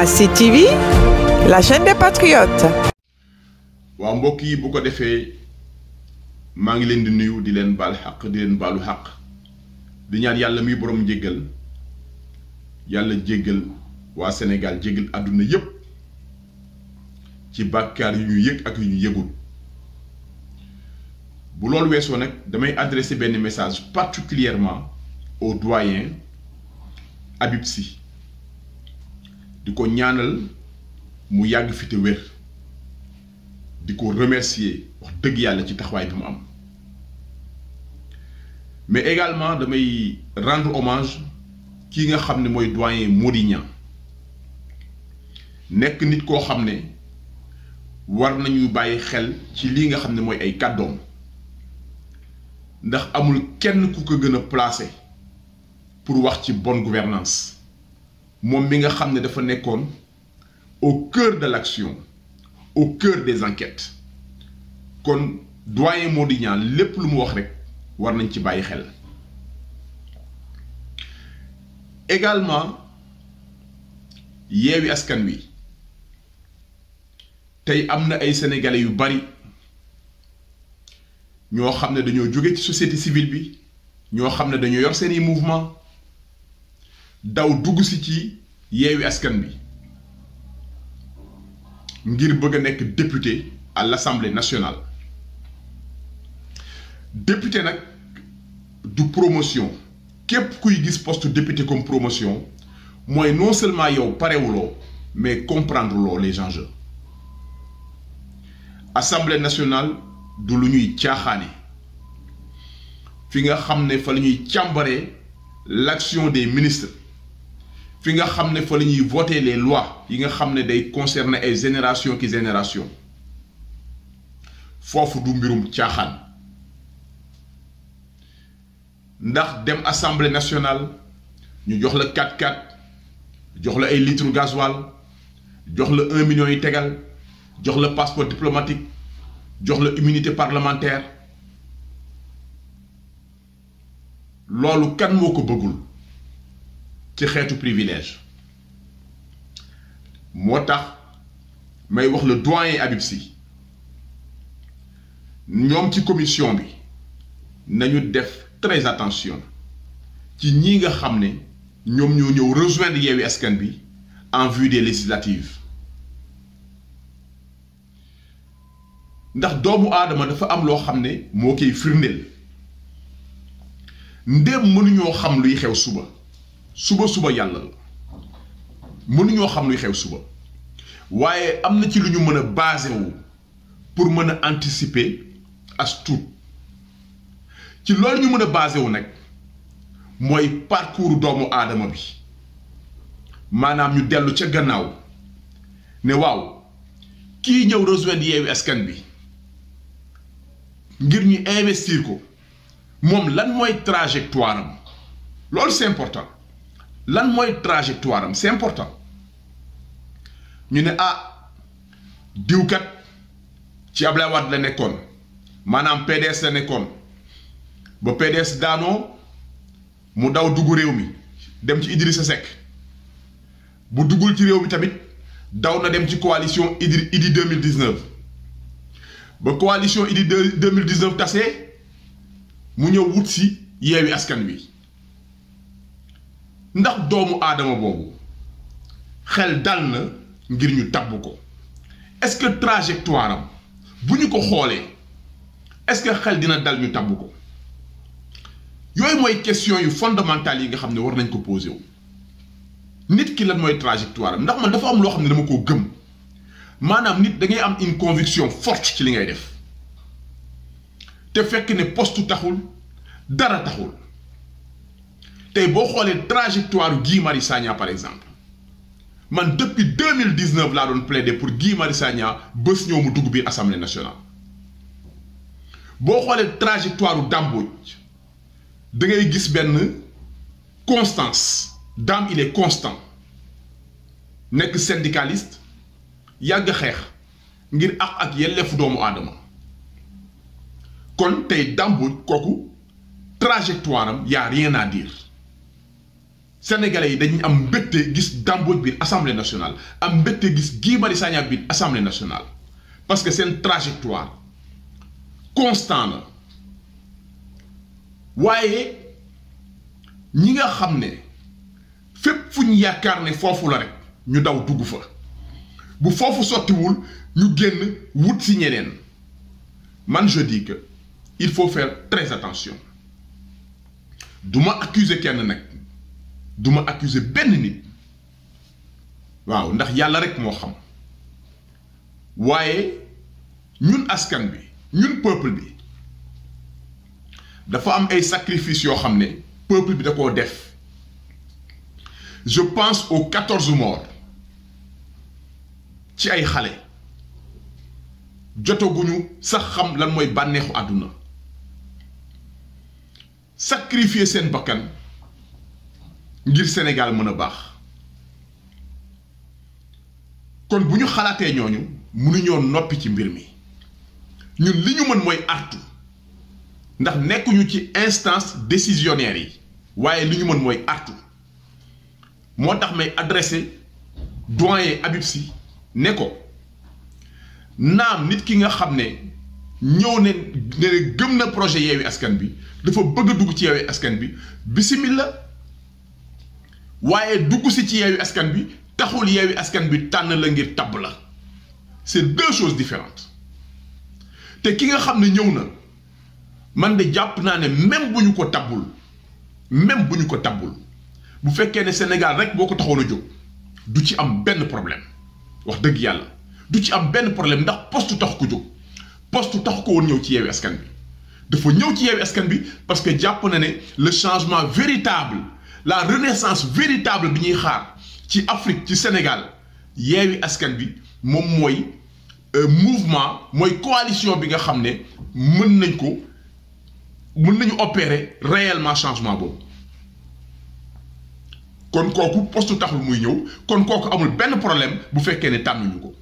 à CTV mbokk yi bu ko defee maa ngi leen di nuyu di leen baal xaq di leen baalu xaq di ñaan yàlla mi boroom jéggal yàlla jéggal waa Sénégal jéggal àdduna yépp ci bàkkaar yu ñu yëg ak yu yëgul bu loolu weesoo nag damay adresser benn message particulièrement au doyen Habib Sy di ko ñaanal mu yàgg fi te di ko remercier wax dëgg yàlla ci taxawaay bi mu am mais également damay rendre hommage ki nga xam ne mooy doyen Mody nekk nit koo xam ne war nañu bàyyi xel ci lii nga xam ne mooy ay kàddoom ndax amul kenn ku ko gën a placé pour wax ci bonne gouvernance moom mi nga xam ne dafa nekkoon au cœur de l'action au kër des enquêtes kon doyen Mody Niang lépp lu mu wax rek war nañ ci bàyyi xel également yeewi askan wi tey am na ay sénégalais yu bari ñoo xam ne dañoo jóge ci société civile bi ñoo xam ne dañoo yor seeni mouvement daw dugg si ci yeewi askan bi ngir bëgg a nekk député à l'Assemblée nationale député nag du promotion képp kuy gis poste député comme promotion mooy non seulement yow parewuloo mais comprendre loo les enjeux Assemblée nationale du lu ñuy caaxaane fi nga xam ne fa la ñuy càmbaree l'action des ministres fi nga xam ne fa la ñuy voter les lois yi nga xam ne day concerner ay génération ki génération foofu du mbirum caaxaan ndax dem assemblée nationale ñu jox la 4 x jox la ay litres gasoil jox la un million yi tegal jox la passeport diplomatique jox la immunité parlementaire loolu kan moo ko bëggul ci xeetu privilège moo tax may wax le doyen Habib Sy ñoom ci commission bi nañu def très attention ci ñi nga xam ne ñoom ñoo ñëw rejoindre Yewwi Askan bi en vue des ndax doomu aadama dafa am loo xam ne moo koy firndeel ndéem mënuñoo xam luy xew suba suba suba yàlla la mënuñoo xam luy xew suba waaye am na ci lu ñu mën a basé wu pour mën a anticiper as tuut ci loolu ñu mën a basé wu nag mooy parcours doomu aadama bi maanaam ñu dellu ca gannaaw ne waaw kii ñëw rejoindre Yewwi Askan Wi ngir ñu investir ko moom lan mooy trajectoire am loolu c'est important lan mooy trajectoire am c'est important ñu ne ah diwkat ci Ablaye Wade la nekkoon maanaam PDS la nekkoon ba PDS daanoo mu daw dugg réew mi dem ci Idrissa Seck bu duggul ci réew mi tamit daw na dem ci coalition Idri Idi 2019 ba coalition Idi 2019 tasee mu ñëw wut si yeewi askan wi. ndax doomu aadama boobu xel dal na ngir ñu tabb ko est-ce que trajectoire am bu ñu ko xoolee est-ce que xel dina dal ñu tabb ko yooyu mooy question yu fondamentale yi nga xam ne war nañ ko posé wu nit ki lan mooy trajectoire am ndax ma dafa am loo xam ne dama koo gëm maanaam nit da ngay am une conviction forte ci li ngay def te fekk ne postu taxul dara taxul tey boo xoolee trajectoire Guy Marius Sagna par exemple man depuis 2019 laa doon plaider pour Guy Marius Sagna bés ñëw mu dugg biir assemblée nationale boo xoolee trajectoire Dambodj da ngay gis benn constance Dame il est constant nekk syndicaliste yàgg xeex ngir àq ak yelleefu doomu aadama kon tey Dambodj kooku trajectoire am a rien à dire. sénégalais yi dañuy am mbégte gis Dame biir assemblée nationale am mbégte gis Guy Marius Sagna biir assemblée nationale parce que seen trajectoire constant la waaye ñi nga xam ne fépp fu ñu yaakaar ne foofu la rek ñu daw dugg fa bu foofu sottiwul ñu génn wut si ñeneen man je il faut faire très attention du ma accuser kenn nag. du ma accuser benn nit waaw ndax yàlla rek moo xam waaye ñun askan bi ñun peuple bi dafa am ay sacrifices yoo xam ne peuple bi da koo def je pense aux quatorze morts ci ay xale jotaguñu sax xam lan mooy bànneexu àdduna sacrifier seen bakkan ngir Sénégal mën a baax kon bu ñu xalaatee ñooñu mënuñoo noppi ci mbir mi ñun li ñu mën mooy artu ndax nekkuñu ci instance décisionnaire yi waaye li ñu mën mooy artu moo tax may adressé doyen Habib Sy ne ko naam nit ki nga xam ne ñëw ne ne gëm na projet Yewwi Askan bi dafa bëgg dugg ci Yewwi Askan Wi bismillah waaye dugg si ci yeewi askan bi taxul yeewi askan bi tànn la ngir tabb la c'est deux choses différentes te ki nga xam ne ñëw na man de jàpp naa ne même bu ñu ko tabbul même bu ñu ko tabbul bu fekkee ne Sénégal rek boo ko taxoon a jóg du ci am benn problème wax dëgg yàlla du ci am benn problème ndax poste tax ko jóg poste tax ko woon ñëw ci yeewi askan bi dafa ñëw ci yeewi askan bi parce que jàpp na ne le changement véritable la renaissance véritable bi ñuy xaar ci Afrique ci Sénégal yeewi askan bi moom mooy euh, mouvement mooy coalition bi nga xam ne mën nañ ko mën nañu opérer réellement changement boobu kon kooku poste taxul muy ñëw kon kooku amul benn problème bu fekkee ne tànnuñu ko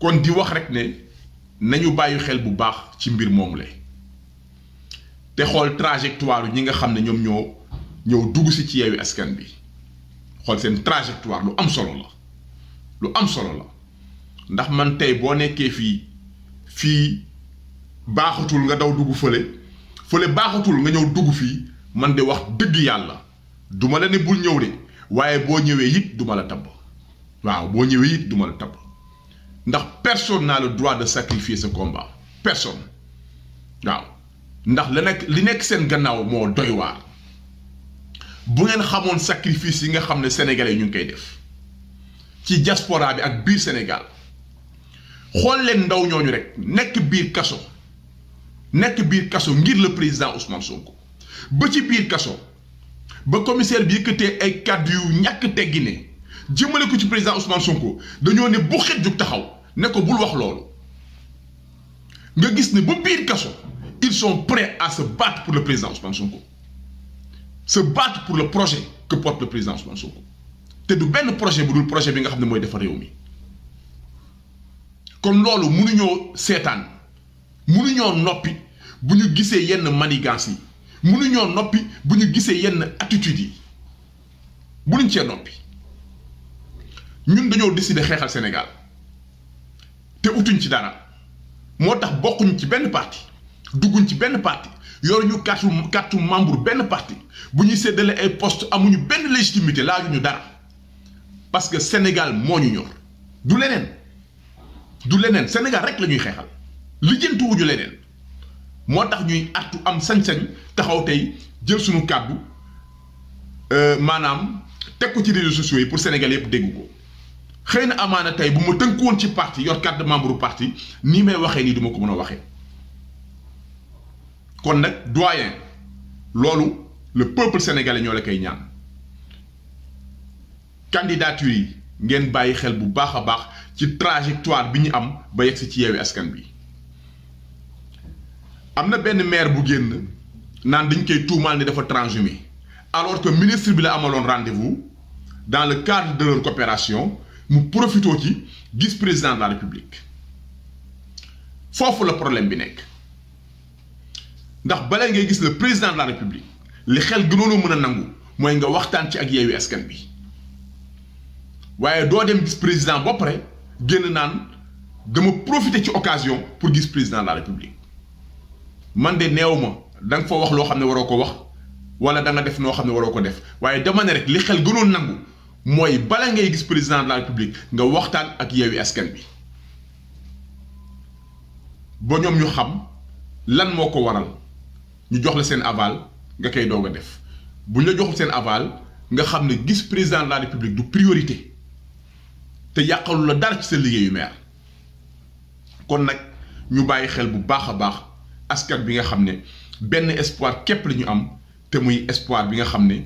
kon di wax rek ne nañu bàyyi xel bu baax ci mbir moomu la te xool trajectoire ñi nga xam ne ñoom ñoo ñëw dugg si ci yeewi askan bi xool seen trajectoire lu am solo la lu am solo la ndax man tey boo nekkee fii fii baaxatul nga daw dugg fële fële baaxatul nga ñëw dugg fii man de wax dëgg yàlla duma la ne bul ñëw de waaye boo ñëwee it duma la tabb waaw boo ñëwee it duma la tabb ndax personne naa le droit de sacrifier sa combat personne waaw ndax la li nekk seen gannaaw moo doy waar bu ngeen xamoon sacrifice yi nga xam ne sénégalais ñu ngi koy def ci jasporaa bi ak biir Sénégal xool leen ndaw ñooñu rek nekk biir kaso nekk biir kaso ngir le président Ousmane Sonko ba ci biir kaso ba commissaire bi yëkkatee ay kàddu yu ñàkk teggi ne jëmale ko ci président Ousmane Sonko dañoo ne bu xet taxaw ne ko bul wax loolu nga gis ne ba biir kaso. il son prêts à se battre pour le président Ousmane Sonko se battre pour le projet que porte le président Ousmane Sonko te du benn projet bu dul projet bi nga xam ne mooy defar réew mi kon loolu mënuñoo seetaan mënuñoo noppi bu ñu gisee yenn manigance yi mënuñoo noppi bu ñu gisee yenn atitude yi mënuñ cee noppi ñun dañoo décider xeexal Sénégal te utuñ ci dara moo tax bokkuñ ci benn parti dugguñ ci benn parti yor ñu kàttu kàttu membre benn parti bu ñuy séddale ay post amuñu benn légitimité ñu dara parce que Sénégal moo ñu ñor du leneen du leneen Sénégal rek la ñuy xeexal lijjantiwuñu leneen moo tax ñuy artu am sañ taxaw tey jël suñu kàddu euh, maanaam teg ko ci réseaux sociaux yi pour Sénégal yëpp dégg ko xëy na amaana tey bu ma woon ci parti yor carte de membre parti nii may waxee nii du ma ko mën a waxee. kon nag doyen loolu le peuple sénégalais ñoo la koy ñaan candidature yi ngeen bàyyi xel bu baax a baax ci trajectoire bi ñu am ba yegsi ci yeewi askan bi am na benn maire bu génn naan dañ koy tuumaal ne dafa transhumé alors que ministre bi la amaloon rendez-vous dans le cadre de leur coopération mu profitoo ci gis président de la république foofu la problème bi nekk. ndax balaa ngay gis le président de la république li xel gënoon mën a nangu mooy nga waxtaan ci ak yeewi askan bi waaye doo dem gis président ba pare génn naan dama profiter ci occasion pour gis président de la république man de neew ma da nga fa wax loo xam ne waroo ko wax wala danga def noo xam ne waroo ko def waaye dama ne rek li xel gënoon nangu mooy bala ngay gis président de la république nga waxtaan ak yeewi askan bi ba ñoom ñu xam lan moo ko waral. ñu jox la seen aval nga koy doog a def bu la joxul seen aval nga xam ne gis président la république du priorité te yàqalu la dara ci sa liggéeyu maire kon nag ñu bàyyi xel bu baax a baax askan bi nga xam ne benn espoir képp la ñu am te muy espoir bi nga xam ne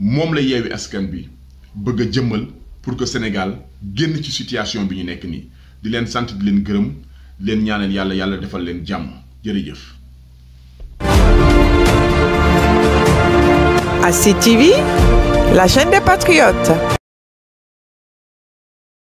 moom la yeewi askan bi bëgg a jëmmal pour que Sénégal génn ci situation bi ñu nekk nii di leen sant di leen gërëm di leen ñaanal yàlla yàlla defal leen jàmm jërëjëf. à CTV, la chaîne des patriotes.